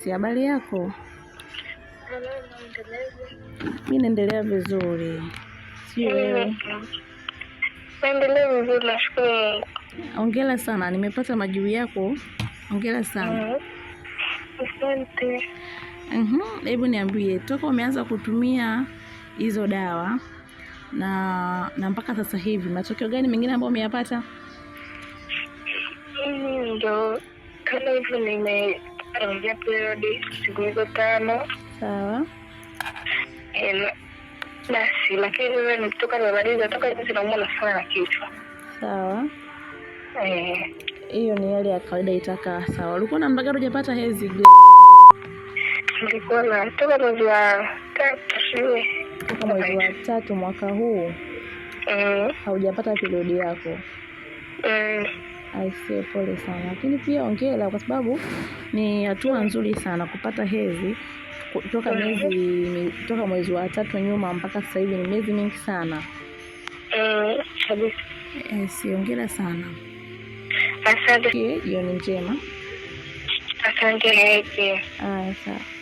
Si habari yako? Mi naendelea vizuri, si wewe? Mm-hmm. Naendelea vizuri, nashukuru Hongera sana, nimepata majibu yako. Hongera sana. Mm-hmm. Asante. Mm-hmm. Hebu niambie, toka umeanza kutumia hizo dawa na na mpaka sasa hivi matokeo gani mengine ambayo umeyapata? Ndio kama hivyo nime narudia period siku hizo tano. Sawa. basi lakini nikitoka nimemaliza toka na kichwa. Sawa. Hiyo ni hali ya kawaida itakaa sawa. Ulikuwa na muda ujapata hezi Nilikuwa na toka mwezi wa tatu Toka mwezi wa tatu mwaka huu. Haujapata periodi yako. Mm sio pole sana, lakini pia ongela kwa sababu ni hatua nzuri sana kupata hezi toka miezi toka mwezi wa tatu nyuma mpaka sasa hivi ni miezi mingi sana. Mm, eh, kabisa. Eh, yes, ongera sana. Asante. Jioni njema. Asante. Haya, sawa.